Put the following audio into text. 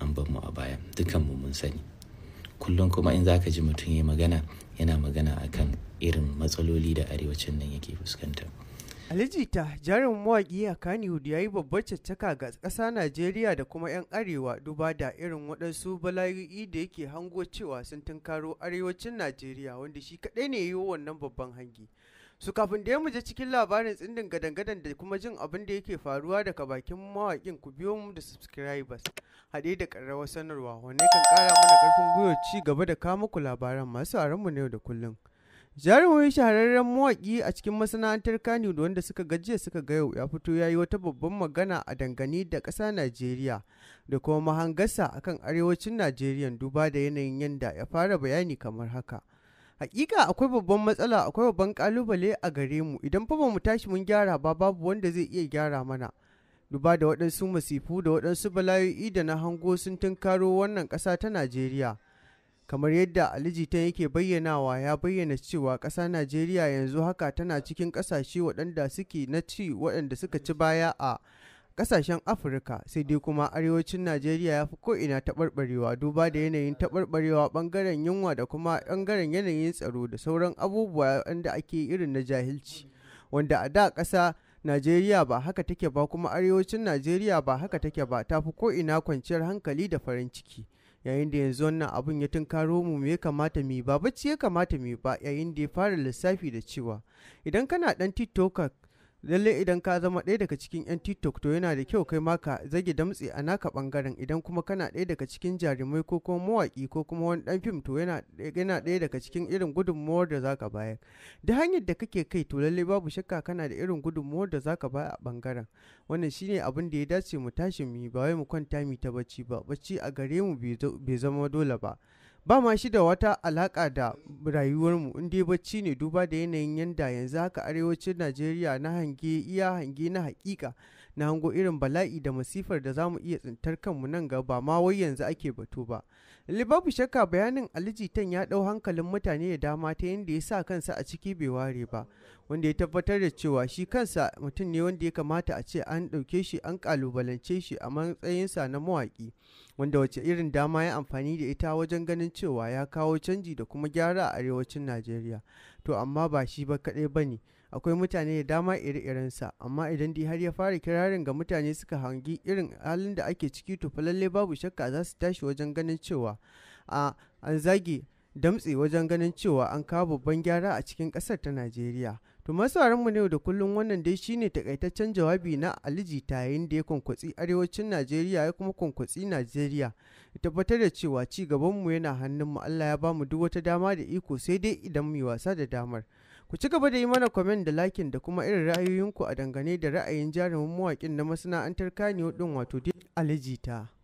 an bar mu a baya dukanmu mun sani kullum kuma in zaka ji mutum ya magana yana magana akan irin matsaloli da arewacin nan yake fuskanta ta jarin mawaƙi a kaniwood ya yi babbar caccaka ga ƙasa najeriya da kuma 'yan arewa duba da irin waɗansu bala'o'i da yake hango cewa sun tunkaro arewacin najeriya wanda shi kaɗai ne yi wannan babban hangi su kafin da ya muje cikin labarin tsindin gadan da kuma jin abin da yake faruwa daga bakin mawaƙin ku biyo mu da subscribers haɗe da ƙararrawar sanarwa wanne kan ƙara mana ƙarfin gwiwar ci gaba da kawo muku labaran masu mu na yau da kullum jarumin shahararren mawaki a cikin masana'antar kani da wanda suka gajiya suka ga yau ya fito ya yi wata babban magana a dangane da ƙasa najeriya da kuma mahangasa akan arewacin najeriya duba da yanayin yanda ya fara bayani kamar haka Hakika akwai babban matsala akwai babban kalubale a gare mu idan fa ba mu tashi mun gyara ba babu wanda zai iya gyara mana. Duba da waɗansu masifu da waɗansu bala'o'i da na hango sun tunkaro wannan ƙasa ta Najeriya. Kamar yadda Ali ta yake bayyanawa ya bayyana cewa ƙasa Najeriya yanzu haka tana cikin ƙasashe waɗanda suke na ci waɗanda suka ci baya a kasashen Afirka sai dai kuma arewacin Najeriya ya fi ko'ina taɓarɓarewa duba da yanayin taɓarɓarewa ɓangaren yunwa da kuma ɓangaren yanayin tsaro da sauran abubuwa wanda ake irin na jahilci. Wanda a da ƙasa Najeriya ba haka take ba kuma arewacin Najeriya ba haka take ba ta fi ko'ina kwanciyar hankali da farin ciki. Yayin da yanzu wannan abun ya tunkaro mu me ya kamata mu ba bacci ya kamata mu ba yayin da ya fara lissafi da cewa idan kana ɗan TikTok lalle idan ka zama ɗaya daga cikin 'yan tiktok to yana da kyau kai maka zage damtse a naka bangaren idan kuma kana ɗaya daga cikin jarumai ko kuma mawaƙi ko kuma wani ɗan fim to yana ɗaya daga cikin irin gudunmuwar da zaka bayar da hanyar da kake kai to lalle babu shakka kana da irin gudunmuwar da zaka bayar a bangaren wannan shine abin da ya dace mu tashi mu yi ba wai mu kwanta mu ta bacci ba bacci a gare mu bai zama dole ba ba ma shi da wata alaƙa da rayuwarmu mu inda bacci ne duba da yanayin yanda yanzu haka arewacin najeriya na hange iya hange na haƙiƙa na hango irin bala'i da masifar da zamu iya tsintar kanmu nan gaba ba ma wai yanzu ake batu ba babu shakka bayanin alijitan ya ɗau hankalin mutane da dama ta yanda ya sa kansa a ciki bai ware ba wanda ya tabbatar da cewa shi kansa mutum ne wanda ya kamata a ce an ɗauke shi an ƙalubalance shi a matsayinsa na mawaƙi wanda wace irin dama ya amfani da ita wajen ganin cewa ya kawo canji da kuma gyara a arewacin Najeriya. To amma ba shi ba kaɗai ba ne, akwai mutane da dama iri-irinsa, amma idan dai har ya fara kirarin ga mutane suka hangi irin halin da ake ciki to fa babu shakka za su tashi wajen ganin cewa a an zage damtse wajen ganin cewa an kawo babban gyara a cikin ƙasar ta Najeriya. To mu ne da kullun wannan dai shine takaitaccen jawabi na Aliji yayin da ya kwankwatsi arewacin Najeriya ya kuma kwankwatsi Najeriya. Ya tabbatar da cewa ci mu yana hannun mu Allah ya bamu duk wata dama da iko sai dai idan mu yi wasa da damar. Ku ci gaba da yi mana kwamen da lakin da kuma irin ra'ayoyinku a dangane da ra'ayin jarumin mawaƙin na masana'antar kaniyo din wato dai Aliji ta.